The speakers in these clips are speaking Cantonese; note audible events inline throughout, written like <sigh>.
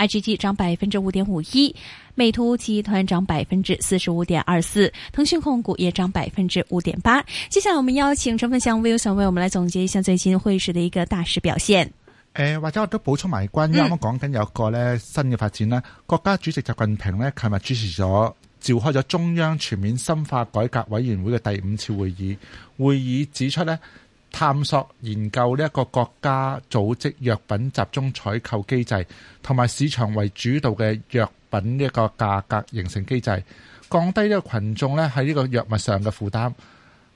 I.G.G 漲百分之五點五一，美圖集團漲百分之四十五點二四，騰訊控股也漲百分之五點八。接下來，我們邀請陳鳳祥 Wilson 為我們來總結一下最近匯市的一個大市表現。誒、呃，或者我都補充埋關於啱啱講緊有一個呢新嘅發展呢，嗯、國家主席習近平呢，琴日主持咗召開咗中央全面深化改革委員會嘅第五次會議，會議指出呢。探索研究呢一個國家組織藥品集中採購機制，同埋市場為主導嘅藥品呢一個價格形成機制，降低呢個群眾咧喺呢個藥物上嘅負擔。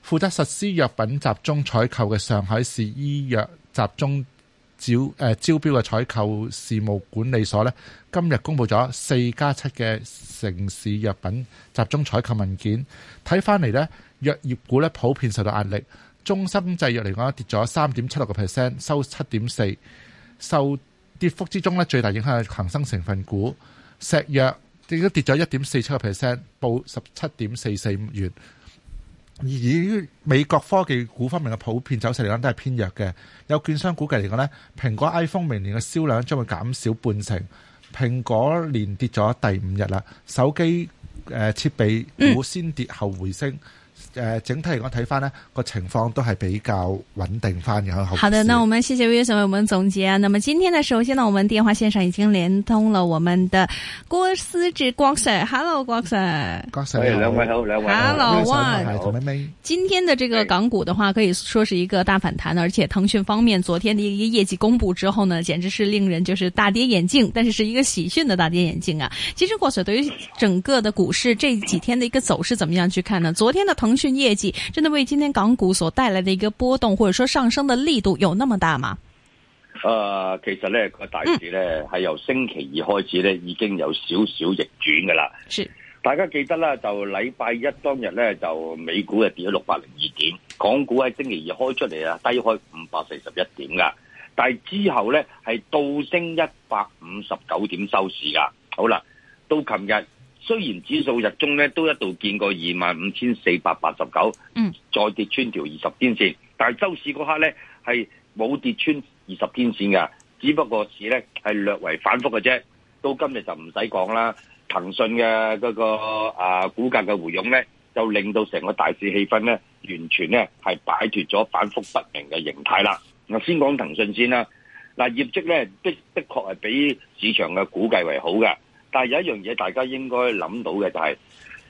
負責實施藥品集中採購嘅上海市醫藥集中招、呃、招標嘅採購事務管理所咧，今日公布咗四加七嘅城市藥品集中採購文件。睇翻嚟咧，藥業股咧普遍受到壓力。中心製藥嚟講，跌咗三點七六個 percent，收七點四。受跌幅之中咧，最大影響係恆生成分股石藥，亦都跌咗一點四七個 percent，報十七點四四五元。而美國科技股方面嘅普遍走勢嚟講，都係偏弱嘅。有券商估計嚟講呢，蘋果 iPhone 明年嘅銷量將會減少半成。蘋果連跌咗第五日啦。手機誒設備股先跌後回升。嗯誒、呃，整體嚟講睇翻呢個情況都係比較穩定翻嘅。有好好。好的，那我們謝謝 V S 為我們總結啊。那麼今天呢，首先呢，我們電話線上已經連通了我們的郭思治郭 Sir。Hello，郭 Sir。郭 Sir，兩位好，兩位好。Hello，One。今天的這個港股的話，可以說是一個大反彈，而且騰訊方面昨天的一個業績公布之後呢，簡直是令人就是大跌眼鏡，但是是一個喜訊的大跌眼鏡啊。其實郭 Sir 對於整個的股市這幾天的一個走勢怎麼樣去看呢？昨天的騰訊。業績真的為今天港股所帶來的一個波動，或者說上升的力度有那麼大嗎？誒、呃，其實咧個大市咧係由星期二開始咧已經有少少逆轉噶啦。是大家記得啦，就禮拜一當日咧就美股係跌咗六百零二點，港股喺星期二開出嚟，啦，低開五百四十一點噶，但係之後咧係倒升一百五十九點收市噶。好啦，到琴日。雖然指數日中咧都一度見過二萬五千四百八十九，嗯，再跌穿條二十天線，嗯、但係週市嗰刻咧係冇跌穿二十天線嘅，只不過市咧係略為反覆嘅啫。到今日就唔使講啦，騰訊嘅嗰、那個啊股價嘅回勇咧，就令到成個大市氣氛咧完全咧係擺脱咗反覆不明嘅形態啦。我先講騰訊先啦，嗱，業績咧的的確係比市場嘅估計為好嘅。但係有一樣嘢，大家應該諗到嘅就係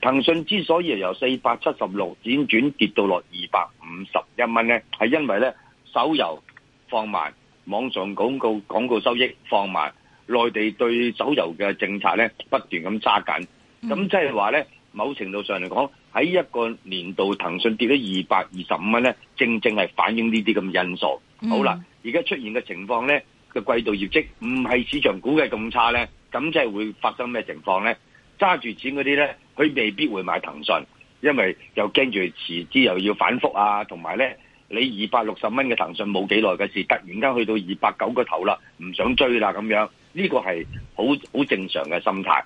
騰訊之所以由四百七十六輾轉跌到落二百五十一蚊咧，係因為咧手遊放慢，網上廣告廣告收益放慢，內地對手遊嘅政策咧不斷咁揸緊，咁即係話咧某程度上嚟講，喺一個年度騰訊跌咗二百二十五蚊咧，正正係反映呢啲咁嘅因素。好啦，而家、嗯、出現嘅情況咧，個季度業績唔係市場估計咁差咧。咁即係會發生咩情況呢？揸住錢嗰啲呢，佢未必會買騰訊，因為又驚住遲啲又要反復啊，同埋呢，你二百六十蚊嘅騰訊冇幾耐嘅事，突然間去到二百九個頭啦，唔想追啦咁樣，呢個係好好正常嘅心態。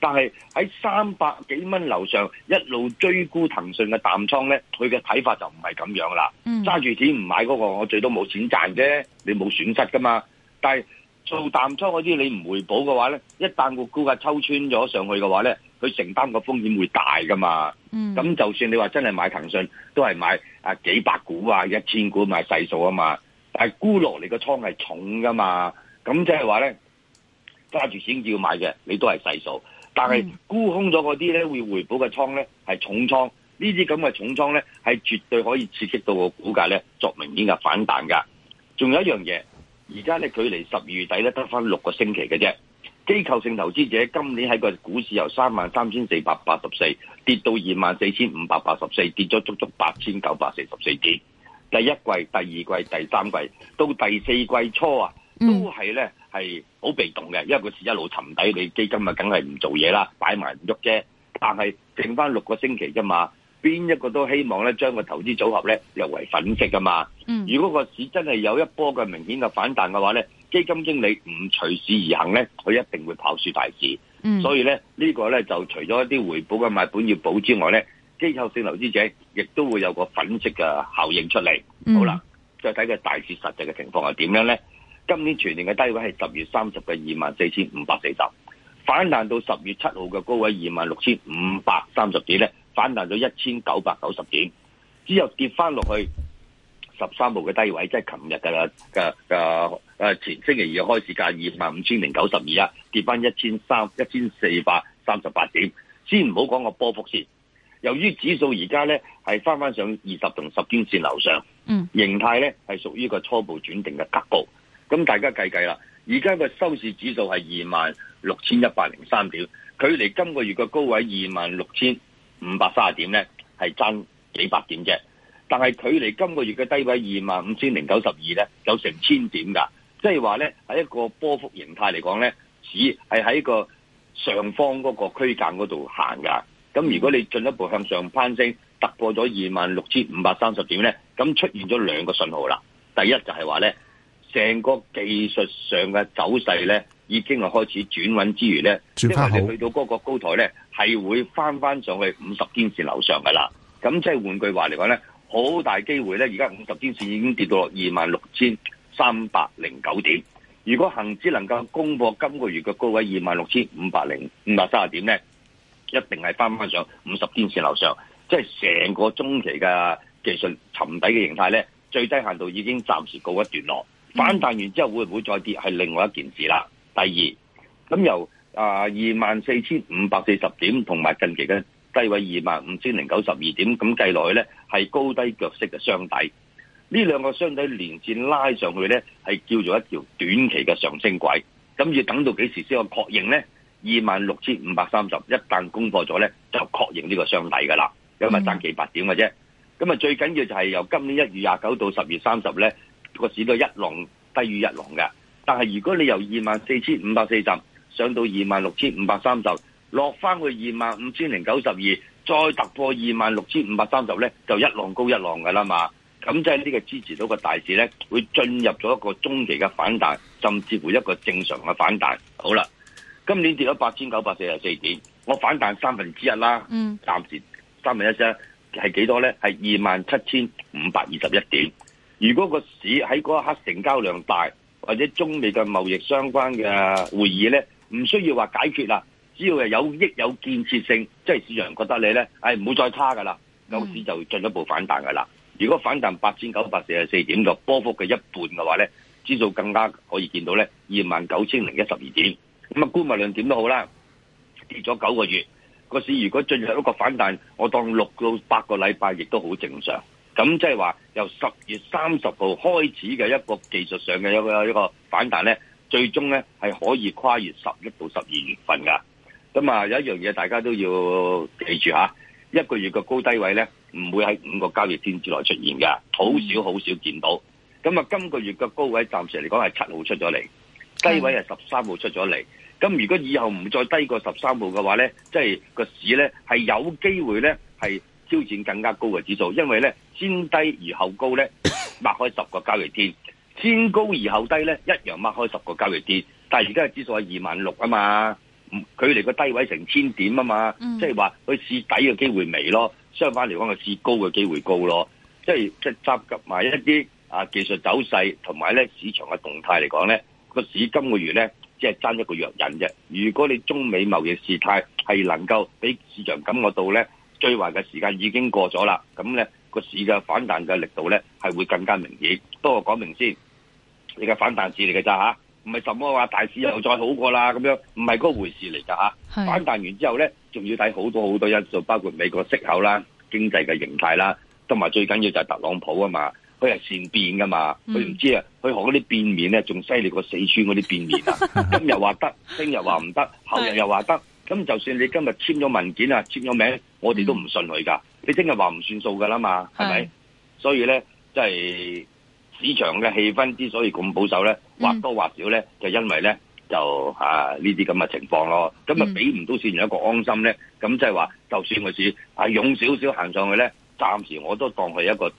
但係喺三百幾蚊樓上一路追沽騰訊嘅淡倉呢，佢嘅睇法就唔係咁樣啦。揸住、嗯、錢唔買嗰個，我最多冇錢賺啫，你冇損失噶嘛。但係。做淡倉嗰啲，你唔回補嘅話咧，一旦個估價抽穿咗上去嘅話咧，佢承擔個風險會大噶嘛。咁、嗯、就算你話真係買騰訊，都係買啊幾百股啊，一千股買細數啊嘛。但係沽落嚟個倉係重噶嘛，咁即係話咧，揸住錢要買嘅，你都係細數。但係沽空咗嗰啲咧，會回補嘅倉咧係重倉，這這重倉呢啲咁嘅重倉咧，係絕對可以刺激到個股價咧作明顯嘅反彈噶。仲有一樣嘢。而家咧，距離十二月底咧，得翻六個星期嘅啫。機構性投資者今年喺個股市由三萬三千四百八十四跌到二萬四千五百八十四，跌咗足足八千九百四十四點。第一季、第二季、第三季到第四季初啊，都係咧係好被動嘅，因為個市一路沉底，你基金啊，梗係唔做嘢啦，擺埋唔喐啫。但係剩翻六個星期啫嘛。邊一個都希望咧，將個投資組合咧入為粉飾噶嘛？嗯、如果個市真係有一波嘅明顯嘅反彈嘅話咧，基金經理唔隨市而行咧，佢一定會跑輸大市。嗯、所以咧，呢個咧就除咗一啲回補嘅賣本要補之外咧，機構性投資者亦都會有個粉飾嘅效應出嚟。嗯、好啦，再睇個大市實際嘅情況係點樣咧？今年全年嘅低位係十月三十嘅二萬四千五百四十，反彈到十月七號嘅高位二萬六千五百三十幾咧。反彈咗一千九百九十點，之後跌翻落去十三號嘅低位，即係琴日噶啦噶誒前星期二嘅開市價二萬五千零九十二，跌翻一千三一千四百三十八點，先唔好講個波幅先。由於指數而家咧係翻翻上二十同十均線樓上，嗯，形態咧係屬於個初步轉定嘅格局。咁大家計計啦，而家個收市指數係二萬六千一百零三點，距離今個月嘅高位二萬六千五百三十點咧，係爭幾百點啫。但係距離今個月嘅低位二萬五千零九十二咧，有成千點㗎。即係話咧，喺一個波幅形態嚟講咧，只係喺個上方嗰個區間嗰度行㗎。咁如果你進一步向上攀升，突破咗二萬六千五百三十點咧，咁出現咗兩個信號啦。第一就係話咧，成個技術上嘅走勢咧，已經係開始轉穩之餘咧，因為我哋去到嗰個高台咧，係會翻翻上去五十天線樓上噶啦。咁即係換句話嚟講咧，好大機會咧，而家五十天線已經跌到二萬六千三百零九點。如果恒指能夠攻破今個月嘅高位二萬六千五百零五百三十點咧，一定係翻翻上五十天線樓上。即係成個中期嘅技術沉底嘅形態咧，最低限度已經暫時告一段落。嗯、反彈完之後會唔會再跌，係另外一件事啦。第二，咁由啊二萬四千五百四十點同埋近期嘅低位二萬五千零九十二點咁計落去咧，係高低腳式嘅雙底，呢兩個雙底連線拉上去咧，係叫做一條短期嘅上升軌。咁要等到幾時先可確認咧？二萬六千五百三十一旦攻破咗咧，就確認呢個雙底噶啦。因為爭幾百點嘅啫。咁啊、嗯、最緊要就係由今年一月廿九到十月三十咧，個市都一浪低於一浪嘅。但係如果你由二萬四千五百四十上到二萬六千五百三十，落翻去二萬五千零九十二，再突破二萬六千五百三十咧，就一浪高一浪噶啦嘛。咁即係呢個支持到個大市咧，會進入咗一個中期嘅反彈，甚至乎一個正常嘅反彈。好啦，今年跌咗八千九百四十四點，我反彈三分之一啦，嗯，暫時三分一啫，係幾多咧？係二萬七千五百二十一點。如果個市喺嗰一刻成交量大。或者中美嘅貿易相關嘅會議咧，唔需要話解決啦，只要係有益有建設性，即係市場人覺得你咧，誒，唔好再差噶啦，個市就進一步反彈噶啦。如果反彈八千九百四十四點度波幅嘅一半嘅話咧，指數更加可以見到咧二萬九千零一十二點。咁啊，無論點都好啦，跌咗九個月個市，如果進入一個反彈，我當六到八個禮拜亦都好正常。咁即係話。由十月三十號開始嘅一個技術上嘅一個一個反彈呢，最終呢係可以跨越十一到十二月份噶。咁啊，有一樣嘢大家都要記住吓，啊，一個月嘅高低位呢，唔會喺五個交易天之內出現噶，好少好少見到。咁啊，今個月嘅高位暫時嚟講係七號出咗嚟，低位係十三號出咗嚟。咁如果以後唔再低過十三號嘅話呢，即係個市呢係有機會呢係挑戰更加高嘅指數，因為呢。先低而後高咧，擘開十個交易天；先高而後低咧，一樣擘開十個交易天。但係而家嘅指數係二萬六啊嘛，距離個低位成千點啊嘛，即係話佢試底嘅機會微咯。相反嚟講，佢試高嘅機會高咯。即係即係集合埋一啲啊技術走勢同埋咧市場嘅動態嚟講咧，個市今個月咧即係爭一個弱人啫。如果你中美貿易事態係能夠俾市場感覺到咧，最壞嘅時間已經過咗啦，咁咧。個市嘅反彈嘅力度咧，係會更加明顯啊。不過講明先，你嘅反彈市嚟嘅咋吓，唔係什麼話大市又再好過啦咁樣，唔係嗰回事嚟噶吓。啊、的反彈完之後咧，仲要睇好多好多因素，包括美國息口啦、經濟嘅形態啦，同埋最緊要就係特朗普啊嘛，佢係善變噶嘛，佢唔知啊，佢學嗰啲變面咧，仲犀利過四川嗰啲變面啊！ <laughs> 今日話得，聽日話唔得，後日又話得，咁的就算你今日簽咗文件啊，簽咗名，我哋都唔信佢噶。嗯你聽日話唔算數噶啦嘛，係咪？是所以咧，即係市場嘅氣氛之所以咁保守咧，或、嗯、多或少咧，就因為咧就啊呢啲咁嘅情況咯。咁啊，畀唔到市民一個安心咧，咁即係話，就，就算個市啊勇少少行上去咧，暫時我都當佢一個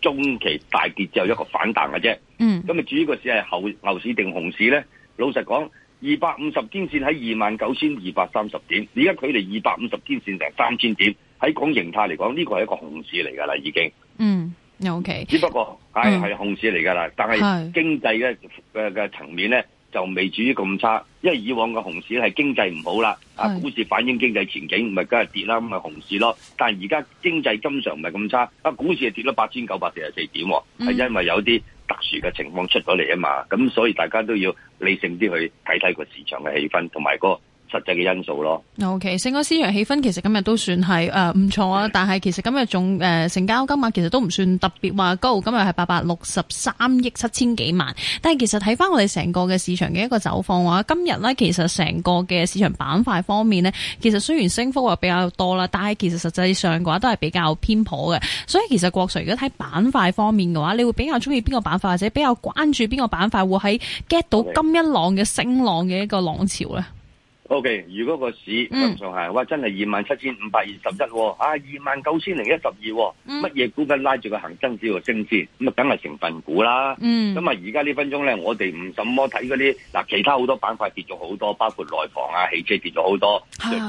中期大跌之後一個反彈嘅啫。咁啊、嗯，至於個市係後牛市定熊市咧，老實講，二百五十天線喺二萬九千二百三十點，而家距離二百五十天線成三千點。喺講形態嚟講，呢個係一個熊市嚟噶啦，已經。嗯，OK。只不過係係、嗯哎、熊市嚟噶啦，但係經濟咧嘅嘅層面咧就未至於咁差，因為以往嘅熊市係經濟唔好啦，是啊，股市反映經濟前景，咪梗係跌啦，咁咪熊市咯。但係而家經濟今常唔係咁差，啊，股市係跌咗八千九百四十四點、啊，係因為有啲特殊嘅情況出咗嚟啊嘛，咁、嗯、所以大家都要理性啲去睇睇個市場嘅氣氛同埋、那個。實際嘅因素咯。OK，成個市場氣氛其實今日都算係誒唔錯啊，是但係其實今日仲誒成交金額其實都唔算特別話高，今日係八百六十三億七千幾萬。但係其實睇返我哋成個嘅市場嘅一個走況話，今日咧其實成個嘅市場板塊方面咧，其實雖然升幅又比較多啦，但係其實實際上嘅話都係比較偏頗嘅。所以其實郭 Sir 如果睇板塊方面嘅話，你會比較鍾意邊個板塊，或者比較關注邊個板塊會喺 get 到金一浪嘅升浪嘅一個浪潮咧？O.K. 如果個市向上行，哇！真係二萬七千五百二十一喎，啊二萬九千零一十二，乜嘢股緊拉住個恒生指數升跌？咁啊梗係成分股啦。咁啊而家呢分鐘咧，我哋唔怎麼睇嗰啲嗱，其他好多板塊跌咗好多，包括內房啊、汽車跌咗好多，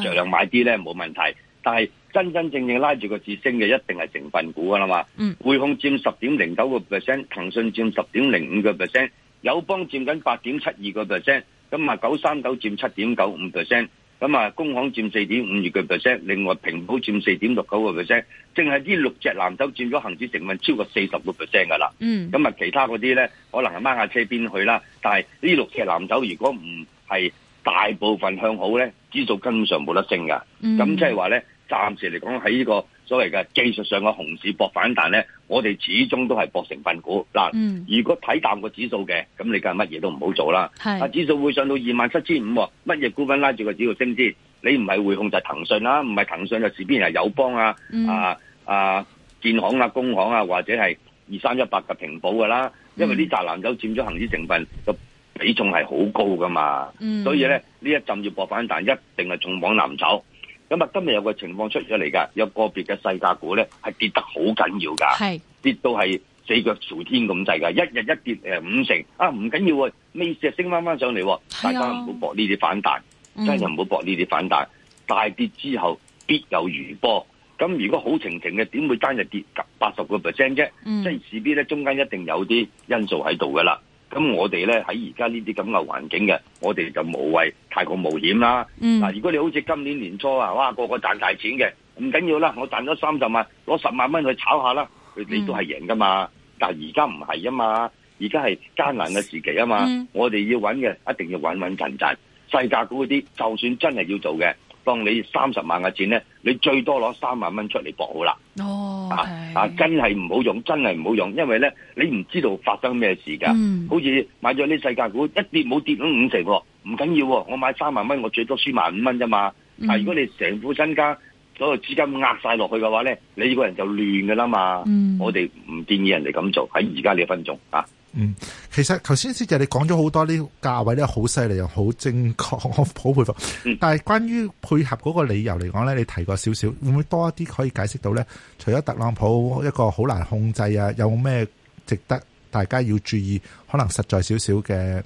著量買啲咧冇問題。但係真真正正拉住個指升嘅，一定係成分股噶啦嘛。嗯、匯控佔十點零九個 percent，騰訊佔十點零五個 percent，友邦佔緊八點七二個 percent。咁啊，九三九佔七點九五 percent，咁啊，工行佔四點五二個 percent，另外平保佔四點六九個 percent，淨係呢六隻藍籌佔咗恆指成分超過四十個 percent 噶啦。嗯，咁啊，其他嗰啲咧，可能係掹下車邊去啦。但係呢六隻藍籌，如果唔係大部分向好咧，指數根本上冇得升噶。咁即係話咧，暫時嚟講喺呢個。所謂嘅技術上嘅熊市博反彈咧，我哋始終都係博成分股嗱。嗯、如果睇淡個指數嘅，咁你梗係乜嘢都唔好做啦。啊是，指數會上到二萬七千五，乜嘢股份拉住個指數升先？你唔係匯控就係騰訊啦，唔係騰，騰訊就係邊啊友邦啊、嗯、啊啊建行啊、工行啊，或者係二三一八嘅平保嘅啦。因為呢滯藍籌佔咗恆指成分嘅比重係好高噶嘛，嗯、所以咧呢呢一浸要博反彈，一定係重往藍籌。咁啊，今日有個情況出咗嚟噶，有個別嘅細價股咧，係跌得好緊要噶，是跌到係四腳朝天咁滯噶，一日一跌誒五成啊，唔緊、啊啊啊、要，喎、嗯，未事升翻翻上嚟，大家唔好搏呢啲反彈，真係唔好搏呢啲反彈。大跌之後必有餘波，咁如果好情情嘅，點會單日跌八十個 percent 啫？嗯、即係事必咧，中間一定有啲因素喺度噶啦。咁我哋咧，喺而家呢啲咁嘅環境嘅，我哋就無謂太過冒險啦。嗱、嗯，如果你好似今年年初啊，哇個個賺大錢嘅，唔緊要啦，我賺咗三十萬，攞十萬蚊去炒下啦，你都係贏噶嘛？嗯、但而家唔係啊嘛，而家係艱難嘅時期啊嘛，嗯、我哋要揾嘅一定要穩穩陣陣。細價股嗰啲，就算真係要做嘅，當你三十萬嘅錢咧，你最多攞三萬蚊出嚟博好啦。哦。Okay. 啊啊！真係唔好用，真係唔好用。因為咧你唔知道發生咩事噶。mm. 好似買咗啲世界股一跌冇跌到五成，哦，唔緊要喎。我買三萬蚊，我最多輸萬五蚊啫嘛、mm. 啊。如果你成副身家所有資金壓晒落去嘅話咧，你個人就亂噶啦嘛。Mm. 我哋唔建議人哋咁做喺而家呢一分鐘。啊。嗯，其實頭先師姐你講咗好多啲價位咧，好犀利又好正確，好佩服。嗯、但係關於配合嗰個理由嚟講咧，你提過少少，會唔會多一啲可以解釋到咧？除咗特朗普一個好難控制啊，有咩值得大家要注意，可能實在少少嘅、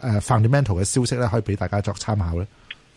啊、fundamental 嘅消息咧，可以俾大家作參考咧。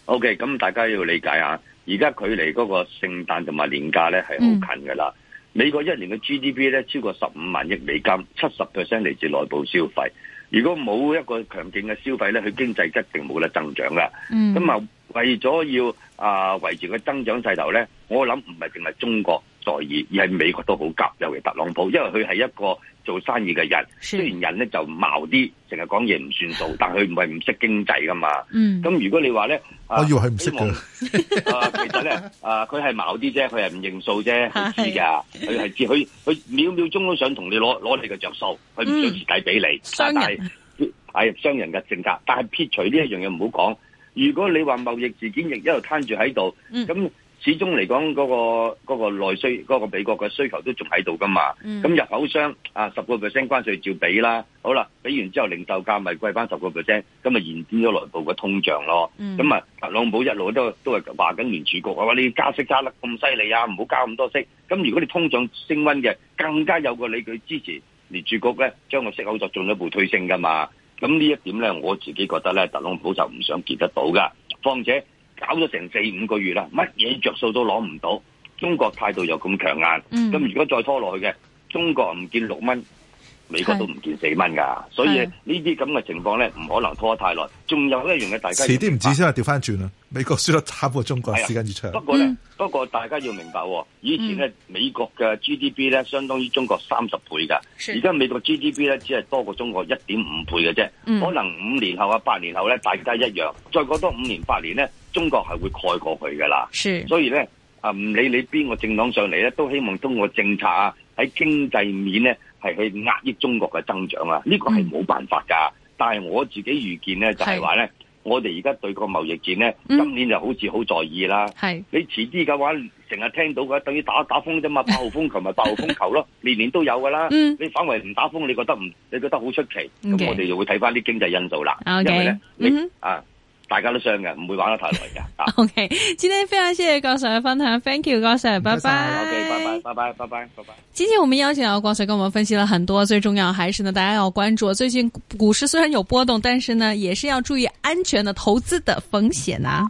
OK，咁大家要理解呀。而家距離嗰個聖誕同埋年假咧係好近噶啦。嗯。美國一年嘅 GDP 咧超過十五萬億美金，七十 percent 嚟自內部消費。如果冇一個強勁嘅消費咧，佢經濟一定冇得增長㗎。咁啊、嗯，為咗要啊維持個增長勢頭咧，我諗唔係淨係中國在意，而係美國都好急，尤其特朗普，因為佢係一個做生意嘅人，雖然人咧就矛啲，成日講嘢唔算數，但佢唔係唔識經濟噶嘛。嗯，咁如果你話咧，啊、我以為係唔識嘅。 <laughs> 啊，其實咧，啊，佢係矛啲啫，佢係唔認數啫，佢知㗎，佢係的知，佢佢秒秒鐘都想同你攞攞你嘅着數，佢唔想蝕底俾你。但、嗯、商人，係商人嘅性格，但係撇除呢一樣嘢唔好講。如果你話貿易事件亦一路攤住喺度，咁、嗯。始終嚟講，嗰、嗰個嗰個內需，嗰、嗰個美國嘅需求都仲喺度噶嘛。咁、嗯、入口商啊，十個 percent 關稅照俾啦。好啦，俾完之後零售價咪貴翻十個 percent，咁咪延展咗內部嘅通脹咯。咁啊、嗯，特朗普一路都都係話緊聯儲局啊，話你加息加得咁犀利啊，唔好加咁多息。咁如果你通脹升溫嘅，更加有個理據支持聯儲局咧，將個息口就進一步推升噶嘛。咁呢一點咧，我自己覺得咧，特朗普就唔想見得到噶，況且。搞咗成四五個月啦，乜嘢着數都攞唔到，中國態度又咁強硬，咁如果再拖落去嘅，中國唔見六蚊，美國都唔見四蚊噶，所以呢啲咁嘅情況咧，唔可能拖太耐。仲有一樣嘅，大家遲啲唔止先係調翻轉啊，美國輸得差過中國，時間越長。不過咧，不過大家要明白喎，以前咧美國嘅 GDP 咧相當於中國三十倍㗎。而家美國 GDP 咧只係多過中國一點五倍嘅啫，可能五年後啊，八年後咧，大家一樣，再過多五年八年咧。中國係會蓋過佢噶啦，所以咧啊，唔理你邊個政黨上嚟咧，都希望通過政策啊喺經濟面咧係去壓抑中國嘅增長啊，呢個係冇辦法噶。但係我自己預見咧，就係話咧，我哋而家對個貿易戰咧，今年就好似好在意啦。係你遲啲嘅話，成日聽到嘅等於打打風啫嘛，八號風球咪八號風球咯，年年都有噶啦。你反為唔打風，你覺得唔你覺得好出奇？咁我哋就會睇返啲經濟因素啦，因為咧你啊。大家都上嘅，唔會玩得太耐嘅。 <laughs> o、okay, k 今天非常謝謝郭 Sir 嘅分享，Thank you，郭 Sir，拜拜。OK，拜拜，拜拜，拜拜，拜拜。今天我們邀請到郭 Sir，跟我們分析了很多，最重要還是呢，大家要關注最近股市雖然有波動，但是呢，也是要注意安全的投資的風險啊。